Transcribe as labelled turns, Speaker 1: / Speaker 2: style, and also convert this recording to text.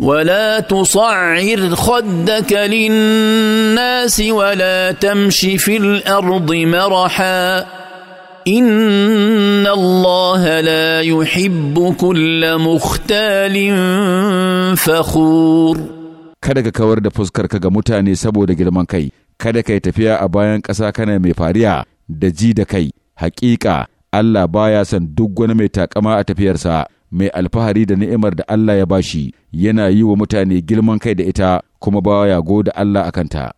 Speaker 1: ولا تصعر خدك للناس ولا تمش في الارض مرحا ان الله لا يحب كل مختال فخور
Speaker 2: kada ka kawar da fuskarka ga mutane saboda girman kai kada ka yi tafiya a bayan ƙasa kana mai fariya da ji da kai hakika Allah baya son duk wani mai takama a tafiyarsa mai alfahari da ni'imar da Allah ya bashi yana yi wa mutane girman kai da ita kuma baya goda Allah a kanta.